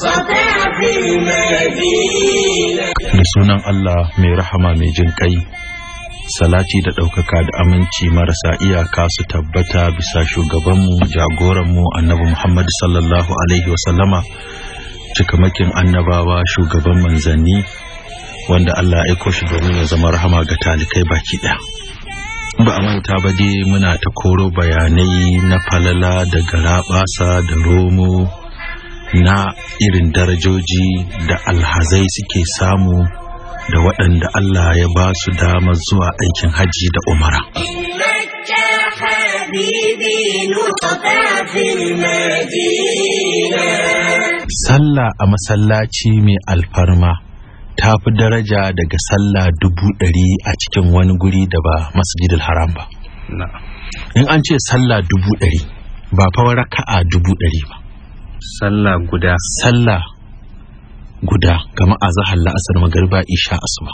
da sunan Allah mai rahama mai jin kai salati da ɗaukaka da aminci marasa iyaka su tabbata bisa shugabanmu jagoranmu annabi Muhammad sallallahu alaihi wasallama cikamakin annabawa shugaban manzanni wanda Allah ya aiko shi domin ya zama rahama ga talikai baki ɗaya ba a manta ba dai muna ta koro bayanai na falala da garaɓasa da romo na irin darajoji da alhazai suke samu da waɗanda Allah ya ba su damar zuwa aikin haji da umara. Sallah a masallaci mai alfarma ta fi daraja daga sallah dubu ɗari a cikin wani guri da ba masjidil haram ba. In an ce sallah dubu ɗari ba fa raka'a dubu ɗari ba. sallah guda sallah guda kamar azahar la'asar magariba isha asuba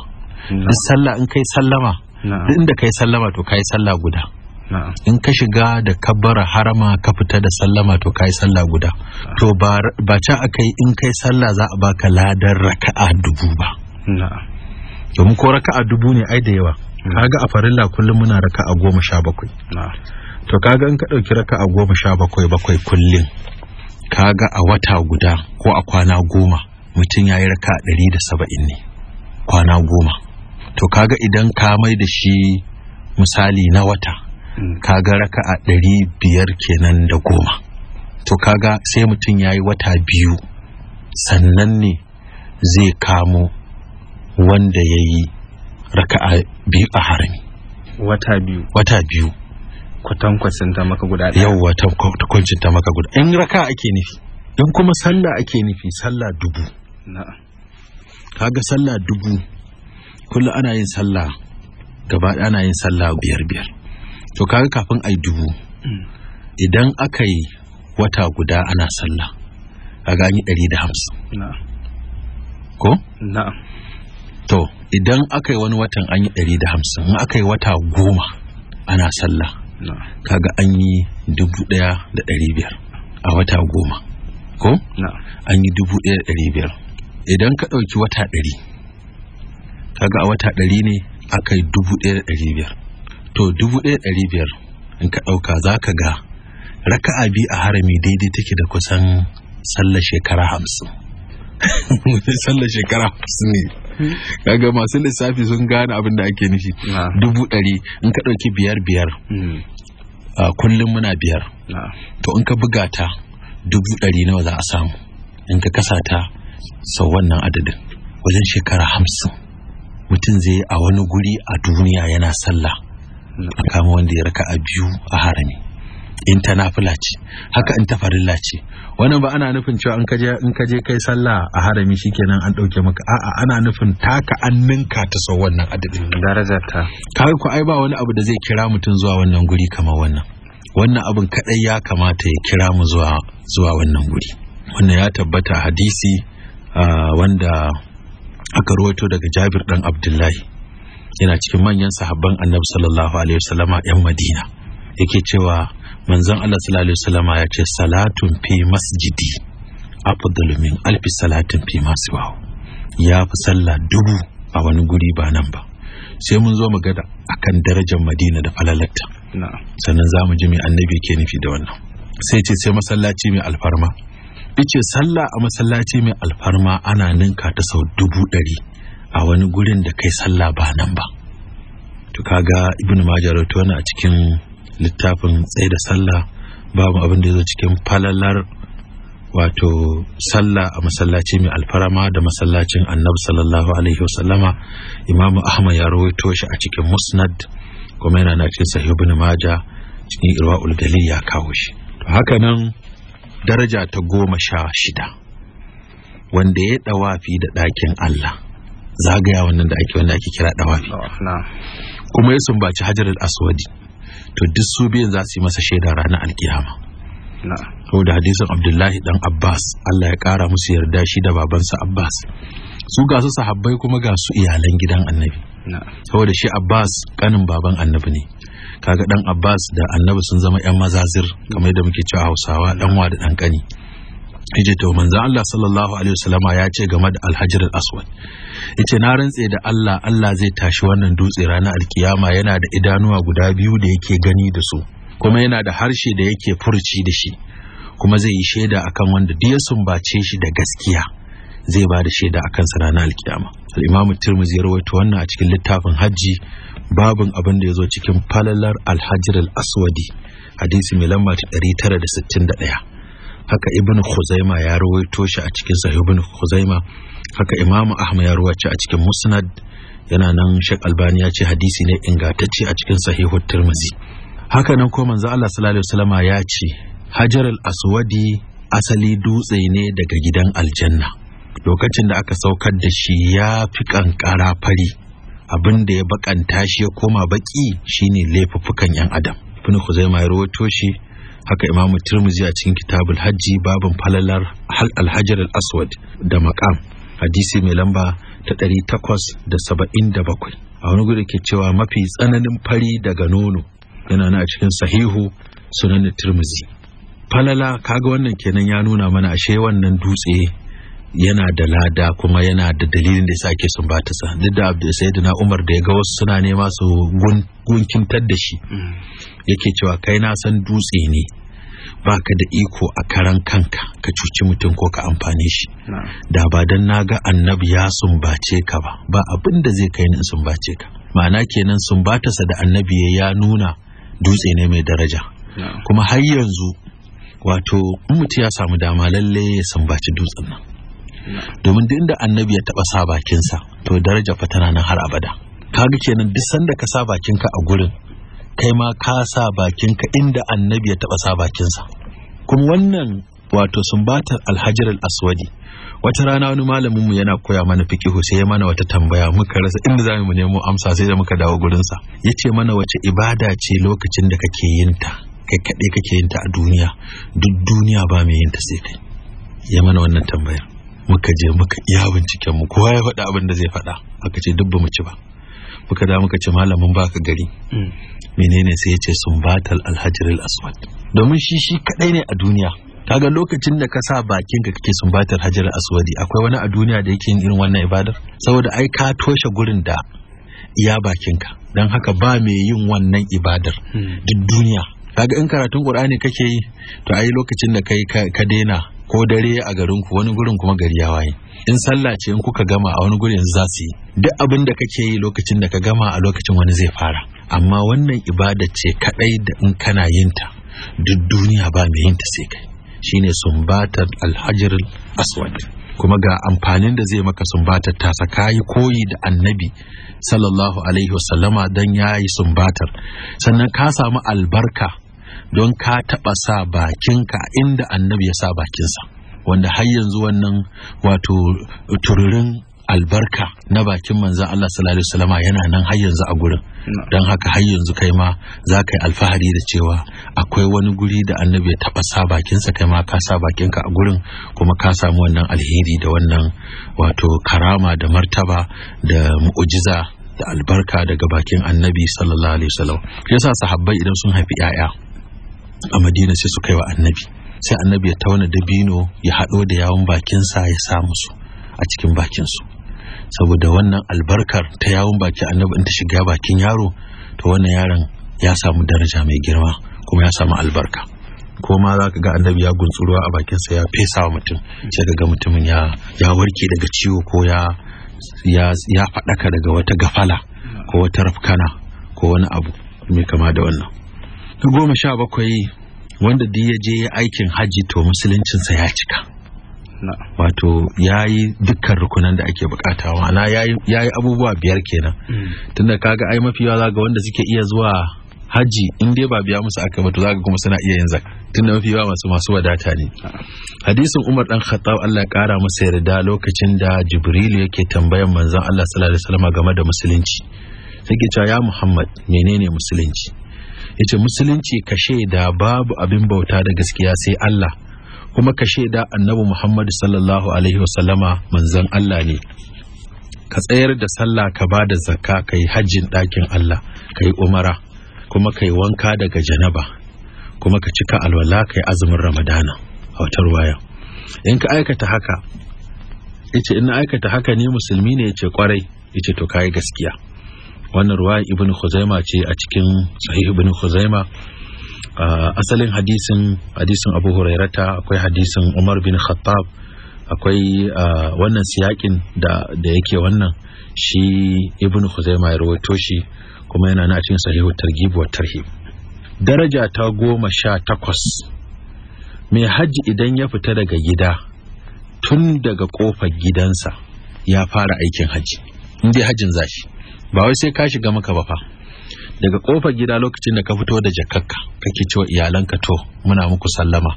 in sallah in kai sallama duk inda kai sallama to kai sallah guda in ka shiga da kabbara harama ka fita da sallama to kai sallah guda to ba ca akai in kai sallah za a baka ladan raka'a dubu ba domin ko raka'a dubu ne ai da yawa kaga a farilla kullum muna raka'a goma sha bakwai to kaga in ka ɗauki raka'a goma sha bakwai bakwai kullum kaga a wata guda ko a kwana goma mutum ya yi raka ɗari da saba'in ne kwana goma to kaga idan ka mai da shi misali na wata hmm. kaga raka a ɗari biyar kenan da goma to kaga sai mutum ya yi wata biyu sannan ne zai kamo wanda ya yi raka a biyu a harami wata biyu wata biyu kwatankwacin ta maka guda ɗaya yawwa ta kwatankwacin ta maka guda in raka ake nufi in kuma sallah ake nufi sallah dubu kaga sallah dubu kullum ana yin sallah gaba ana yin sallah biyar biyar to kaga kafin ai dubu mm. idan aka yi wata guda ana sallah a gani yi ɗari da hamsin ko? na'am to idan aka yi wani watan an yi ɗari da hamsin in aka yi wata goma ana sallah kaga an yi dubu ɗaya da ɗari biyar a wata goma ko an yi dubu ɗaya da ɗari biyar idan ka ɗauki wata ɗari kaga a wata ɗari ne aka yi dubu ɗaya da ɗari biyar to dubu ɗaya da ɗari biyar in ka ɗauka za ka ga raka bi a harami daidai take da kusan sallah shekara hamsin sallar shekara hamsin ne kaga masu lissafi sun gane abin da ake nufi dubu ɗari in ka ɗauki biyar biyar hmm. a kullum muna biyar to in ka buga ta dubu ɗari nawa za a samu in ka kasa ta sau wannan adadin wajen shekara hamsin mutum zai a wani guri a duniya yana sallah a kama wanda ya raka a biyu a harami in ta nafila ce haka in ta farilla ce wannan ba ana nufin cewa in kaje in kaje kai sallah a harami shikenan an dauke maka a'a ana nufin taka an ninka ta sau wannan adadin darajar ta kai ku ai ba wani abu da zai kira mutum zuwa wannan guri kamar wannan wannan abin kadai ya kamata ya kira mu zuwa zuwa wannan guri wannan ya tabbata hadisi wanda aka rawaito daga Jabir dan Abdullahi yana cikin manyan sahabban Annabi sallallahu alaihi wasallama yan Madina yake cewa manzon Allah sallallahu alaihi ya ce salatun fi masjidi afdalu min alfi salatin fi masibahu ya fi sallah dubu a wani guri ba nan ba sai mun zo mu gada akan darajar Madina da falalarta sannan zamu ji mai annabi ke nufi da wannan sai ce sai masallaci mai alfarma ice sallah a masallaci mai alfarma ana ninka ta sau dubu ɗari a wani gurin da kai sallah ba nan ba to kaga ibnu majah rawaito a cikin littafin tsaye da sallah babu abin da ya zo cikin falalar wato sallah a masallaci mai alfarama da masallacin annabi sallallahu alaihi wasallama imamu ahmad ya rawaito shi a cikin musnad kuma yana na cikin sahih ibn maja cikin irwaul Ulgali ya kawo shi to haka nan daraja ta goma sha shida wanda ya dawafi da ɗakin Allah zagaya wannan da ake wanda ake kira dawafi kuma ya sumbaci hajar al-aswadi to duk su biyun za su yi masa shaida ranar alkiyama da hadisin abdullahi dan abbas allah ya kara musu yarda shi da babansa abbas su ga su sahabbai kuma ga su iyalan gidan annabi saboda shi abbas kanin baban annabi ne kaga dan abbas da annabi sun zama yan mazazir kamar da muke cewa hausawa dan wa da dan kani yace to manzo allah sallallahu alaihi wasallama ya ce game da alhajar al-aswad yace na rantse da Allah Allah zai tashi wannan dutse ranar alkiyama yana da idanuwa guda biyu da yake gani da su kuma yana da harshe da yake furci da shi kuma zai yi shaida akan wanda duk ya sumbace shi da gaskiya zai ba da shaida akan sa ranar alkiyama al-imamu tirmidhi ya rawaito wannan a cikin littafin hajji babin abin da ya zo cikin falalar al-hajr al-aswadi hadisi mai lamba 961 haka ibn khuzaima ya rawaito shi a cikin sahih ibn khuzaima haka imamu ahmad ya ruwace a cikin musnad yana nan shek albani ya ce hadisi ne ingantacce a cikin sahihu tirmizi haka nan ko manzo Allah sallallahu alaihi wasallama ya ce hajar al-aswadi asali dutse ne daga gidan aljanna lokacin da aka saukar da shi ya fi kankara fari abin da ya bakanta shi ya koma baki shine laifuffukan yan adam ibn khuzaimah ya ruwato shi haka imamu tirmizi a cikin kitabul hajji babin falalar hal al-hajar al-aswad da maqam hadisi mai lamba ta ɗari takwas da da saba'in bakwai a wani gudu ke cewa mafi tsananin fari daga nono yana na a cikin sahihu sunan tirmizi falala kaga wannan kenan ya nuna mana ashe wannan dutse yana da lada kuma yana da dalilin da yasa ake sumbata sa duk da abdul sayyidina umar da ya ga wasu suna nema su gunkintar da shi mm. yake cewa kai na san dutse ne baka da iko a karan kanka ka cuci mutum ko ka amfane shi da ba dan naga annabi ya sumbace ka ba ba abin da zai kai ni in sumbace ka ma'ana kenan sumbatarsa da annabi ya nuna dutse ne mai daraja kuma har yanzu wato in mutum ya samu dama lalle ya sumbaci dutsen nan domin duk inda annabi ya taba sa bakinsa to daraja fa tana nan har abada kaga kenan duk sanda ka sa bakinka a gurin kai ma ka sa bakinka inda annabi ya taɓa sa bakinsa kuma wannan wato sumbatar alhajar al-aswadi wata rana wani malamin mu yana koya mana fikihu sai ya mana wata tambaya muka rasa inda zamu mu nemo amsa sai da muka dawo gurin sa ce mana wace ibada ce lokacin da kake yin ta kai kade kake yin ta a duniya duk duniya ba mai yin ta sai kai ya mana wannan tambayar muka je muka iya binciken mu kowa ya faɗa abin da zai faɗa aka ce duk ba mu ci ba muka da muka ce malamin baka gari hmm. menene sai yace ce sumbatal alhajaril aswad domin shi shi kadai ne a duniya kaga lokacin da ka sa bakin ka kake sumbatar hajar aswadi akwai wani a duniya da yake yin irin wannan ibadar saboda ai ka toshe gurin da iya bakin ka don haka ba mai yin wannan ibadar hmm. duk duniya kaga in karatun qur'ani kake yi to ai lokacin da kai ka daina ko dare a garin ku wani gurin kuma gari ya waye in sallah ce in kuka gama a wani gurin za su yi duk abin da kake yi lokacin da ka gama a lokacin wani zai fara amma wannan ibada ce kadai da in kana yin ta duk duniya ba mai yinta sai kai shine sumbatar alhajar aswad kuma ga amfanin da zai maka sumbatar ta kayi koyi da annabi sallallahu alaihi wasallama don ya yi sumbatar sannan ka samu albarka don ka taɓa sa bakinka inda annabi ya sa bakinsa wanda har yanzu wannan wato tururin albarka na bakin manzo Allah sallallahu alaihi wasallama yana nan har yanzu a gurin don haka har yanzu kai ma za ka yi alfahari da cewa akwai wani guri da annabi ya taba sa bakinsa kai ma ka sa bakinka a gurin kuma ka samu wannan alheri da wannan wato karama da martaba da mu'ujiza da albarka daga bakin annabi sallallahu alaihi wasallam yasa sahabbai idan sun haifi 'ya'ya a madina sai su kai wa annabi sai annabi ya tauna dabino ya haɗo da yawon bakinsa ya sa musu a cikin bakinsu saboda wannan albarkar ta yawon baki annabi in ta shiga bakin yaro to wannan yaron ya samu daraja mai girma kuma ya samu albarka ko ma za ka ga annabi ya gunsuruwa a bakin sa ya fesa wa mutum sai ga mutumin ya ya warke daga ciwo ko ya ya faɗaka daga wata gafala ko wata rafkana ko wani abu mai kama da wannan na goma sha bakwai wanda duk ya je aikin hajji to musuluncinsa ya cika wato ya yi dukkan rukunan da ake bukata ma'ana ya yi abubuwa biyar kenan mm. tunda kaga ai mafi yawa ga wanda suke iya zuwa hajji in dai ba biya musu aka ba to zaka kuma suna iya yin zaka tunda mafi yawa masu masu wadata ne hadisin Umar dan Khattab Allah ya kara masa yarda lokacin da Jibril yake tambayan manzon Allah sallallahu alaihi wasallam game da musulunci sai cewa ya Muhammad menene musulunci yace musulunci kashe da babu abin bauta da gaskiya sai Allah kuma ka shaida annabi Muhammad sallallahu alaihi wasallama manzon Allah ne ka tsayar da sallah ka ba da zakka ka yi hajjin ɗakin Allah ka yi umara kuma ka yi wanka daga janaba kuma ka cika alwala ka azumin ramadana a wata ruwaya in ka aikata haka yace in na aikata haka ne musulmi ne yace kwarai yace to kai gaskiya wannan ruwaya ibnu khuzaima ce a cikin sahih ibnu khuzaima Ah, asalin hadisin hadisin abu hurairata akwai hadisin umar bin khattab akwai ah, wannan siyakin da yake wannan shi ibn huzaima ya rawaito shi kuma yana na cikin sahihu targhib wa tarhib daraja ta goma sha takwas mai hajji idan ya fita daga gida tun daga kofar gidansa ya fara aikin hajji inda hajjin zashi ba wai sai ka shiga maka ba fa daga kofar gida lokacin da ka fito da jakakka kake cewa iyalanka to muna muku sallama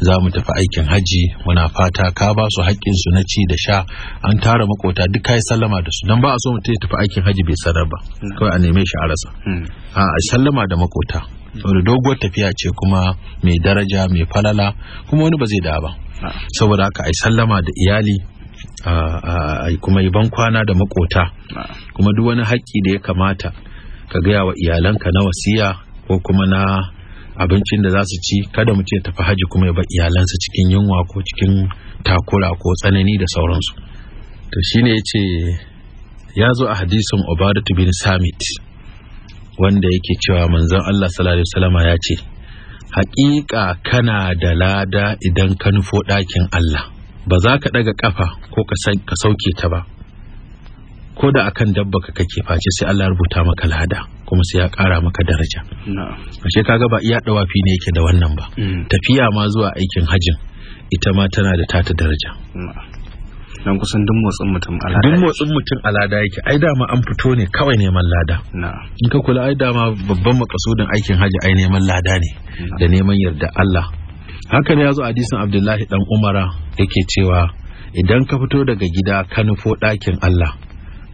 za mu tafi aikin haji muna fata ka ba su su na ci da sha an tara makota duk kai sallama da su don ba a so mutum ya tafi aikin haji bai sarar ba kawai a neme shi a rasa hmm. a sallama da makota saboda doguwar tafiya ce kuma mai daraja mai falala kuma wani ba zai da ba ah. saboda haka ai sallama da iyali kuma yi bankwana da makota ah. kuma duk wani haƙƙi da ya kamata ka gaya wa iyalanka na wasiya ko kuma na abincin da za su ci kada mu ce tafi haji kuma ya bar iyalansa cikin yunwa ko cikin takura ko tsanani da sauransu to shine ya ya zo a hadisin ubadatu bin samit wanda yake cewa manzon Allah sallallahu alaihi ya ce haƙiƙa kana da lada idan ka nufo ɗakin Allah ba za ka ɗaga ƙafa ko ka sauke ta ba ko da akan dabba ka kake face sai Allah rubuta maka lada kuma sai ya kara maka daraja ashe kaga ba iya dawafi ne yake da wannan ba mm. tafiya ma zuwa aikin hajin ita ma tana da tata daraja dan kusan duk motsin mutum alada duk motsin mutum alada yake ai dama an fito ne kawai neman lada in ka kula ai dama babban makasudin aikin haji ai neman lada ne da neman yarda Allah haka ne yazo hadisin Abdullahi dan Umara yake cewa idan ka fito daga gida ka nufo ɗakin Allah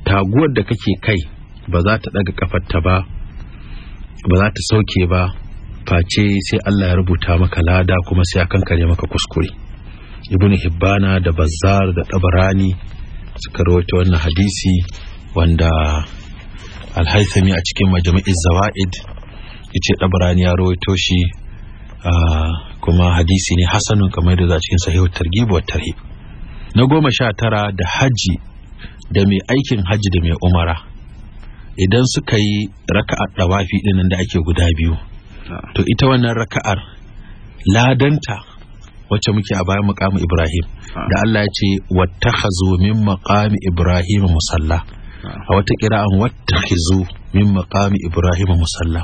taguwar da kake kai ba za ta daga kafarta ba ba za ta sauke ba face sai Allah ya rubuta maka lada kuma sai a kankare maka kuskure ibn hibbana da bazzar da tabarani suka rawaito wannan hadisi wanda alhaisami a cikin majami'i zawa'id yace tabarani ya rawaito shi kuma hadisi ne hasanun kamar da za cikin sahihu targhib wa tarhib na goma sha tara da haji da mai aikin hajji da mai umara idan suka yi raka'ar dawafi ɗinnan da ake guda biyu ah. to ita wannan raka'ar ladanta wacce muke a bayan makamu ibrahim ah. da allah ya ce wata min maqami ibrahim musalla ah. a wata kira'an wattakhizu min makami ibrahim musalla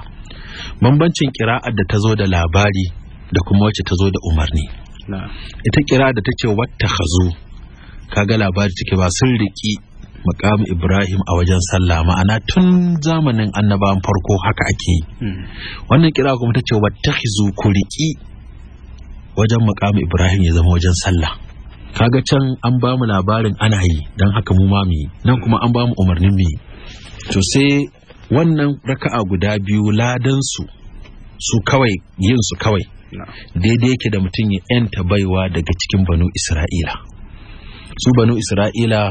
bambancin kira'ar da tazo da labari da kuma wacce tazo da umarni ita kira'ar da ta ce wata kaga labari cike ba sun riƙi makamu ibrahim a wajen sallah ma'ana tun zamanin annabawan farko haka ake hmm. wannan kira kuma ta ce wattakhizu ku riki wajen makamu ibrahim ya zama wajen sallah kaga can an ba mu labarin ana yi don haka mu ma nan kuma an ba mu umarnin mu to sai wannan raka'a guda biyu ladansu su su kawai yin su kawai daidai yake da mutum ya yanta baiwa daga cikin banu isra'ila su banu isra'ila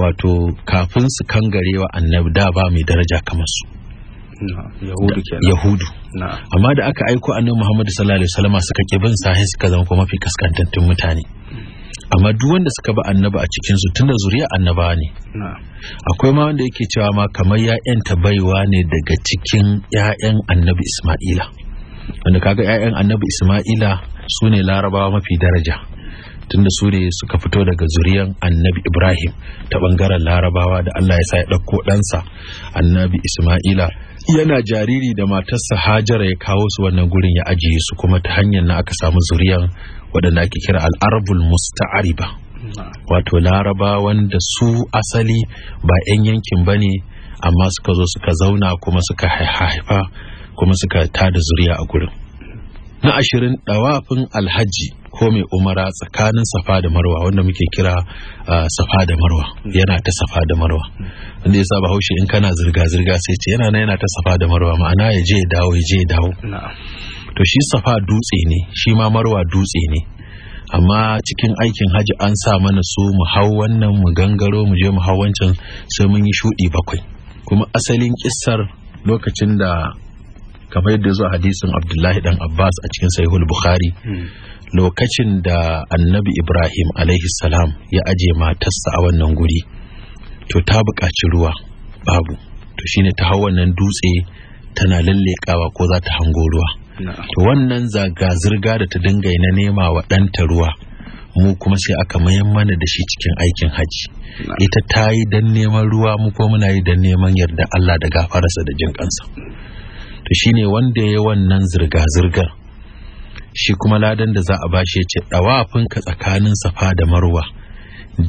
wato kafin su kangarewa annabi da ba mai daraja kamar su yahudu amma da aka aiko annabi muhammadu sallallahu alaihi wasallam suka ki bin sa suka zama kuma mafi kaskantattun mutane amma duk wanda suka bi annabi a cikin su tunda zuriya annaba ne akwai ma wanda yake cewa ma kamar ya'yanta baiwa ne daga cikin ya'yan annabi isma'ila wanda kaga ya'yan annabi isma'ila su ne larabawa mafi daraja tunda su ne suka fito daga zuriyan annabi ibrahim ta bangaren larabawa da allah ya sa ya ɗauko ɗansa annabi isma'ila yana jariri da matarsa hajara ya kawo su wannan gurin ya ajiye su kuma ta hanyar na aka samu zuriyan waɗanda ake kira al'arabul musta'ariba wato laraba wanda su asali ba 'yan yankin ba ne amma suka zo suka zauna kuma suka haifa kuma suka tada zuriya a gurin na ashirin ɗawafin alhaji ko mai umara tsakanin safa da marwa wanda muke kira ah, safa da marwa yana ta safa da marwa wanda ya saba haushi in kana zirga-zirga sai ce yana yana ta safa da marwa ma'ana ya je ya dawo ya je dawo to shi safa dutse ne shi ma marwa dutse ne amma cikin aikin hajji an sa mana su mu hau wannan mu gangaro mu je mu hau wancan sai mun yi shudi bakwai kuma asalin kissar lokacin da kamar yadda zuwa hadisin abdullahi dan abbas a cikin sahihul bukhari hmm. lokacin da annabi ibrahim alaihi salam ya aje matarsa a wannan guri to ta buƙaci ruwa babu to shine ta hau wannan dutse tana lallekawa ko za ta hango ruwa to wannan zirga-zirga da ta dinga na nema wa ɗanta ruwa mu kuma sai aka mayan mana da shi cikin aikin hajji ita ta yi don neman ruwa mu kuma muna yi don neman yarda Allah da gafararsa da jin kansa to shine wanda ya wannan zirga-zirgar shi kuma ladan da za a bashi ya ce ɗawafinka tsakanin safa da marwa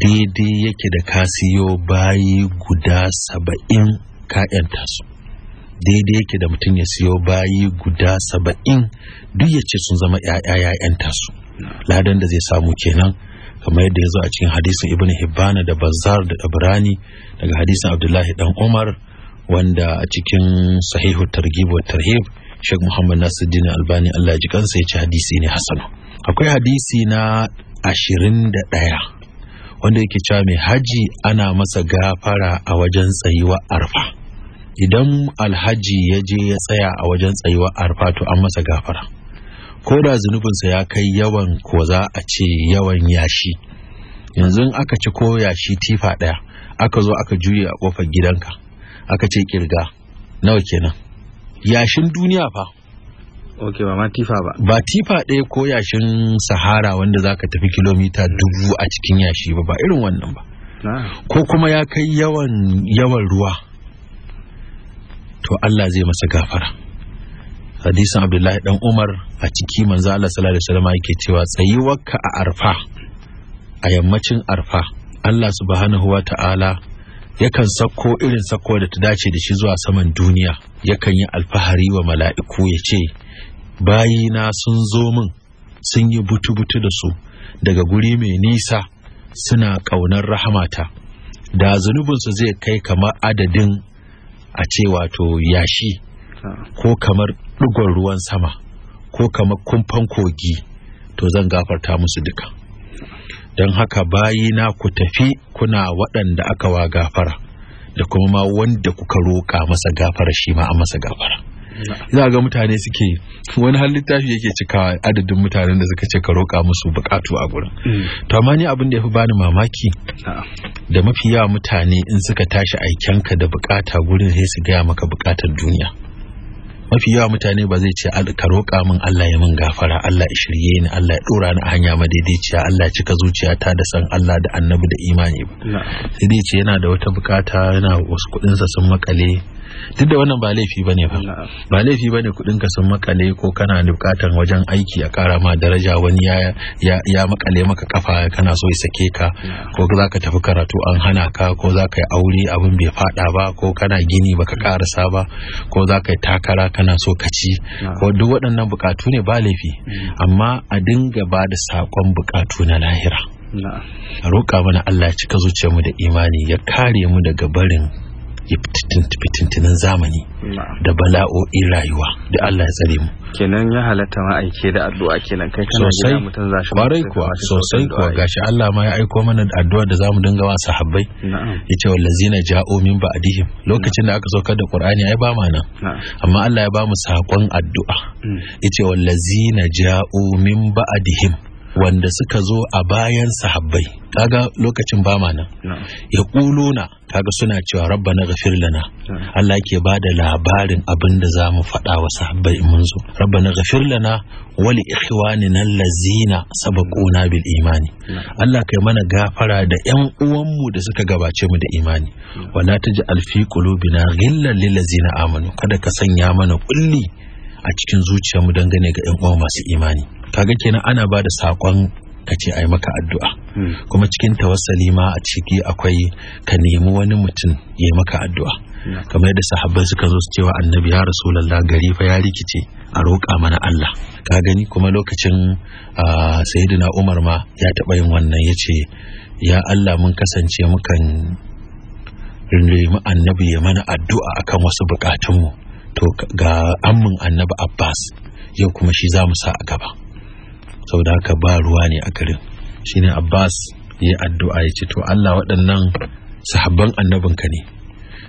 daidai yake da kasiyo bayi guda saba'in ka'yan su daidai yake da mutum ya siyo bayi guda saba'in duk ya ce sun zama ‘ya'ya ‘ya'yanta su ladan da zai samu kenan kamar yadda ya zo a cikin hadisin ibn hibbana da bazar da dabrani daga hadisin abdullahi dan umar wanda a cikin sahihu targhib wa tarhib Sheikh Muhammad Nasiruddin Albani Allah ji kansa ya ci hadisi ne hasan akwai hadisi na ashirin da ɗaya. wanda yake cewa mai haji ana masa gafara a wajen tsayuwa arfa idan alhaji ya je ya tsaya a wajen tsayuwa arfa to an masa gafara ko da zunubinsa ya kai yawan ko za a ce yawan yashi yanzu aka ci ko yashi tifa ɗaya aka zo aka juye a kofar gidanka aka ce kirga nawa kenan yashin duniya fa ok ba ma tifa ba ba tifa ɗaya ko yashin sahara wanda za ka tafi kilomita dubu a cikin yashi ba ba irin wannan ba ko kuma ya kai yawan yawan ruwa to Allah zai masa gafara hadisin abdullahi dan umar a ciki manzo Allah sallallahu alaihi wasallam yake cewa tsayuwarka a arfa a yammacin arfa Allah subhanahu wa ta'ala yakan sauko irin sauko da ta dace da shi zuwa saman duniya yakan yi alfahari wa mala'iku ya ce bayina sun zo min sun yi butu-butu da su daga guri mai nisa suna ƙaunar rahamata da zunubinsu zai kai kamar adadin a ce wato yashi ko kamar ɗigon ruwan sama ko kamar kumfan kogi to zan gafarta musu duka don haka bayina ku tafi kuna waɗanda aka wa gafara da kuma ma wanda kuka roƙa masa gafara shi ma an masa gafara za ga mutane suke wani har littafi yake cika adadin mutanen da suka ce ka roƙa musu bukatu a gurin mm. to amma ni abin da fi bani mamaki da mafi yawa mutane in suka tashi aikenka da bukata gurin sai su gaya maka bukatar duniya mafi yawa mutane ba zai ce ka roƙa min Allah ya min gafara Allah ya shirye ni Allah ya dora ni a hanya madaidaiciya Allah ya cika zuciyata da san Allah da annabi da imani ba sai dai ce yana da wata bukata yana wasu kuɗinsa sun makale duk da wannan ba laifi ba ne ba ba laifi ba ne kudin ka sun makale ko kana bukatar wajen aiki a kara ma daraja wani ya makale maka kafa kana so ya sake ka ko za ka tafi karatu an hana ka ko za ka yi aure abin bai fada ba ko kana gini baka karasa ba ko za ka yi takara kana so ka ci ko duk waɗannan bukatu ne ba laifi mm. amma a dinga ba da sakon bukatu na lahira a roƙa mana Allah ya cika zuciyarmu da imani ya kare mu daga barin fitintinan zamani da bala'o'i rayuwa da Allah ya tsare mu kenan ya halatta ma aike da addu'a kenan kai kana gida mutum zashi kwarai kuwa sosai kuwa gashi Allah ma ya aiko mana addu'a da zamu dinga wa sahabbai yace wallazina ja'u min ba'dihim lokacin da aka saukar da Qur'ani ai ba mana amma Allah ya ba mu sakon addu'a mm. yace wallazina ja'u min ba'dihim wanda suka zo a bayan sahabbai kaga lokacin ba ma nan ya na kaga suna cewa rabba na gafir lana Allah yake ba da labarin abin da za mu faɗa wa sahabbai mun zo na, gafir lana wa li na lazina sabaquna bil imani Allah kai mana gafara da ƴan uwanmu da suka gabace mu da imani wala taj'al fi qulubina ghillan lil ladzina amanu kada ka sanya mana kulli a cikin zuciyarmu dangane ga ƴan uwa masu imani kaga kenan ana ba da saƙon ka ce a yi maka addu'a hmm. kuma cikin tawassali ma a ciki akwai ka nemi wani mutum ya yi maka addu'a hmm. kamar yadda sahabbai suka zo su cewa annabi ya rasulullah gari fa ya rikice a roƙa mana Allah ka gani kuma lokacin sayyidina Umar ma ya taɓa yin wannan ya ce ya Allah mun kasance mukan nemi annabi ya mana addu'a akan wasu bukatunmu to ga ammin annabi Abbas yau kuma shi za mu sa a gaba saboda haka ba ruwa ne a garin shine Abbas ya addu'a ya ce to Allah waɗannan sahabban annabinka ne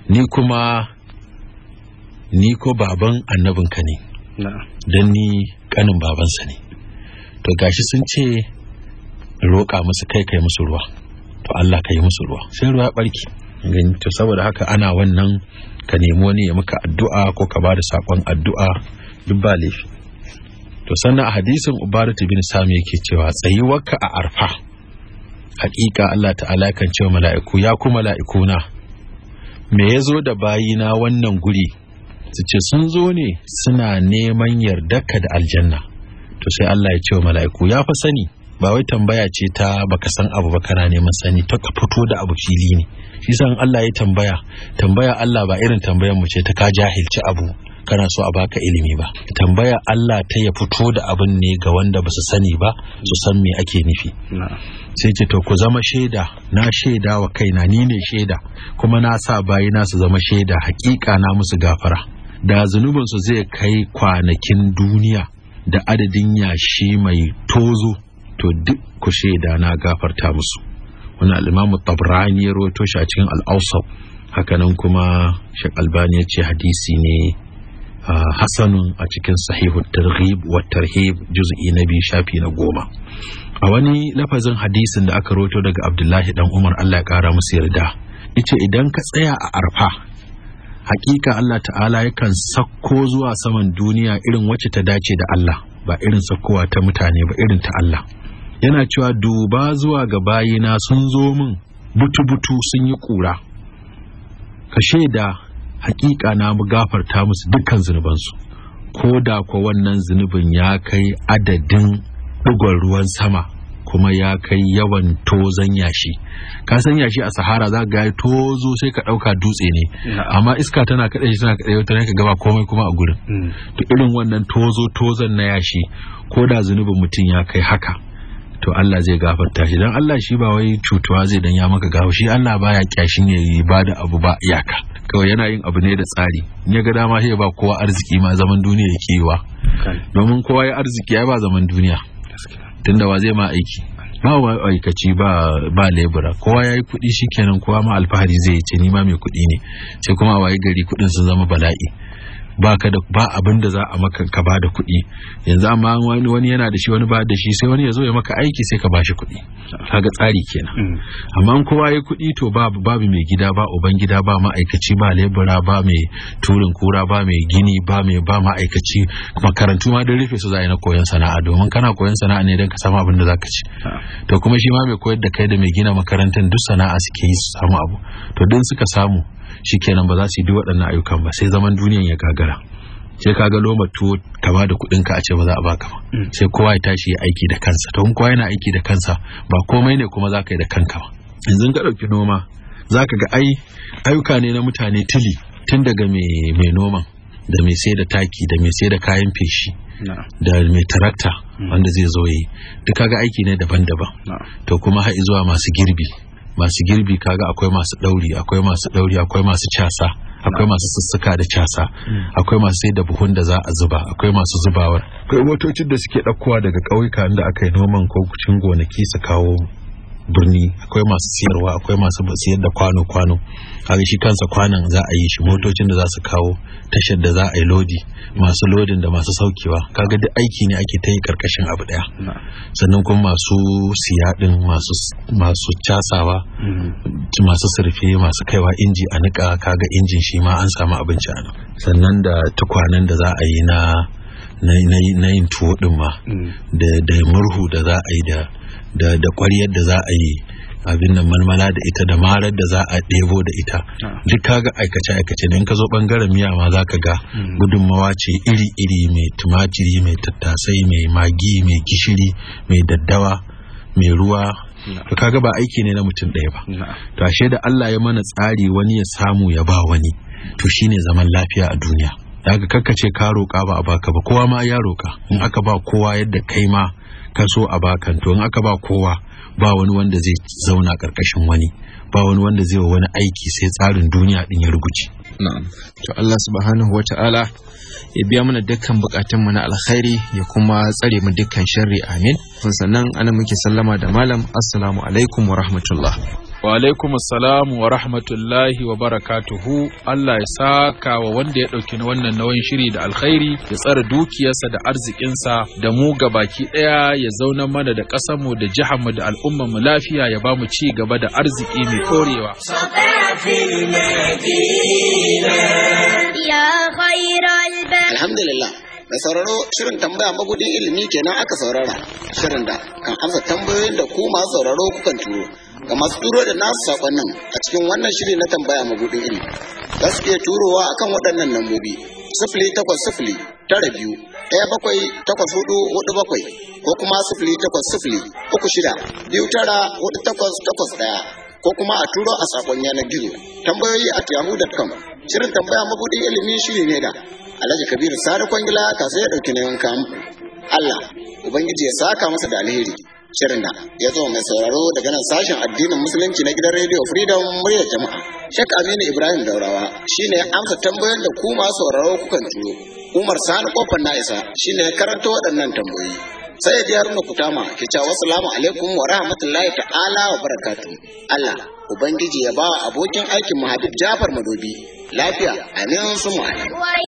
ni kuma ni ko baban annabinka ne don ni kanin babansa ne to gashi sun ce roƙa musu kai kai musu ruwa to Allah ka yi musu ruwa sai ruwa barki gani to saboda haka ana wannan ka nemo ne ya muka addu'a ko ka ba da saƙon addu'a duk ba laifi to sannan a hadisin ubaratu bin sami yake cewa tsayuwarka a arfa hakika Allah ta'ala kan cewa mala'iku ya ku mala'ikuna me ya zo da bayina wannan guri su ce sun zo ne suna neman yardarka da aljanna to sai Allah ya ce wa mala'iku ya fa sani ba wai tambaya ce ta baka san abu ba kana neman sani ta ka fito da abu fili ne shi san Allah ya tambaya tambaya Allah ba irin tambayar mu ce ta ka jahilci abu kana so a baka ilimi ba tambaya Allah ta ya fito da abin ne ga wanda ba su sani ba su san me ake nufi sai ce to ku zama shaida na shaida wa kaina ni ne shaida kuma na sa bayina su zama shaida hakika na musu gafara da su zai kai kwanakin duniya da adadin yashi mai tozo to duk ku shaida na gafarta musu wani al'imamu tabrani ya rawaito a cikin al'ausau hakanan kuma shek albani ya ce hadisi ne hasanun a cikin sahihu targhib wa tarhib juz'i na biyu shafi na goma a wani lafazin hadisin da aka roto daga abdullahi dan umar allah ya ƙara musu yarda Ice idan ka tsaya a arfa hakika allah ta'ala yakan sakko zuwa saman duniya irin wacce ta dace da allah ba irin sakkowa ta mutane ba irin ta allah yana cewa duba zuwa ga bayina sun zo min butu-butu sun yi ƙura, ka shaida hakika na mu gafarta musu dukkan zunubansu ko da ko wannan zunubin ya kai adadin digon ruwan sama kuma ya kai yawan tozon yashi ka san yashi a sahara za ga tozo sai ka ɗauka dutse ne amma iska tana kaɗai shi tana kaɗai wata ka gaba komai kuma a gurin mm. to irin wannan tozo tozon na yashi ko da zunubin mutum ya kai haka to Allah zai gafarta shi dan Allah shi ba wai cutuwa zai dan ya maka gawo shi Allah baya kyashin ya yi ba da abu ba iyaka kawai yana yin abu ne da tsari ya ga dama sai ba kowa arziki ma zaman duniya yake kewa domin kowa ya arziki ya ba zaman duniya tunda wa zai ma aiki ba wa aikaci ba ba lebura kowa yayi kuɗi shikenan kowa ma alfahari zai ce ni ma mai kuɗi ne sai kuma waye gari kuɗin sun zama bala'i ba da ba abin da za a maka ka ba da kuɗi yanzu amma wani wani yana da shi wani ba da shi sai wani ya zo ya maka aiki sai ka ba shi kuɗi kaga tsari kenan mm. amma kowa ya kuɗi to babu babu mai gida ba uban gida ba ma'aikaci ba lebura ba mai turin kura ba mai gini ba mai ba ma'aikaci makarantu ma don rufe su za na koyon sana'a domin kana koyon sana'a ne don ka samu abin da za ka ci to kuma shi ma mai koyar da kai da mai gina makarantar duk sana'a suke yi su samu abu to don suka samu shikenan ba za su yi duk waɗannan ayyukan ba sai zaman duniyan ya gagara sai ka ga lomar tuwo kama da kuɗin ka a ce ba za a baka ba mm. sai kowa ya tashi ya aiki da kansa to kowa yana aiki da kansa ba komai ne kuma za ka yi da kanka ba yanzu ka ɗauki noma za ka ga ai ayyuka ne na mutane tili tun daga mai noman da mai sai da taki da mai sai da kayan feshi da mai tarakta mm. wanda zai zo yi duk kaga aiki ne daban-daban to kuma har zuwa masu girbi masu girbi kaga akwai masu ɗauri akwai masu ɗauri akwai masu casa akwai masu sussuka da casa mm. akwai masu sai da buhun da za a zuba akwai masu zubawar akwai motocin da suke ɗaukowa daga ƙauyuka da aka yi noman ko cikin gonaki su kawo birni akwai masu siyarwa akwai masu siyar da kwano-kwano kaga shi kansa kwanan za a yi shi motocin da za su kawo tashar da za a yi lodi masu lodin da masu saukewa kaga duk aiki ne ake ta yi karkashin abu daya sannan kuma masu siyadin masu casawa mm-hmm. masu surfe masu kaiwa inji a nika kaga injin shi ma an samu abinci a nan sannan da tukwanen da za a yi na na yin tuwo din ma mm. da murhu da za a yi da kwaryar da za a yi abin nan malmala da ita da marar da za a ɗebo da ita ah. duk kaga aikace aikace ne in ka zo bangaren miya ma za ka ga mm. gudunmawa ce iri iri mai tumatiri mai tattasai mai magi mai gishiri mai daddawa mai ruwa to kaga ba aiki ne na mutum ɗaya ba to da Allah ya mana tsari wani ya samu ya ba wani to shine zaman lafiya a duniya daga kakkace ka roƙa ba a baka ba kowa ma ya roƙa in aka ba kowa yadda kai ma ka so a baka to in aka ba kowa ba wani wanda zai zauna ƙarƙashin wani ba wani wanda zai wa wani aiki sai tsarin duniya din ya ruguci na'am to Allah subhanahu wata'ala ya biya mana dukkan bukatun mu na alkhairi ya kuma tsare mu dukkan sharri amin sannan ana muke sallama da malam assalamu alaikum wa rahmatullah wa alaikum assalamu wa rahmatullahi wa barakatuhu Allah ya saka wa wanda ya ɗauki wannan nauyin shiri da alkhairi ya tsara dukiyarsa da arzikinsa da mu gabaki ɗaya ya zauna mana da ƙasarmu da jiharmu da al'ummarmu lafiya ya ba mu ci gaba da arziki mai ɗorewa. Alhamdulillah. da sauraro shirin tambaya magudin ilimi kenan aka saurara shirin da kan amsa tambayoyin da ku masu sauraro kukan turo ga masu turo da nasu saƙonnin, a cikin wannan shiri na tambaya mabudin ilimi za su iya turowa akan waɗannan lambobi sifili takwas sifili tara biyu ɗaya bakwai takwas hudu hudu bakwai ko kuma sifili takwas sifili uku shida biyu tara hudu takwas takwas ɗaya ko kuma a turo a sakon yanar gizo tambayoyi a yahoo.com shirin tambaya mabudin ilimi shiri ne da alhaji kabiru sadu Kwangila, ka ya ɗauki nayin kamfu Allah Ubangiji ya saka masa da alheri. shirin na ya zo mai sauraro daga nan sashen addinin musulunci na gidan rediyo freedom murya jama'a shek aminu ibrahim daurawa shine amsa tambayar da ku masu sauraro kukan tuyo umar sani kofar na isa shine karanta waɗannan tambayoyi sai ya ji haruna kutama ki ce salamu alaikum wa rahmatullahi ta'ala wa barakatu allah ubangiji ya ba abokin aikin mu jafar madobi lafiya amin su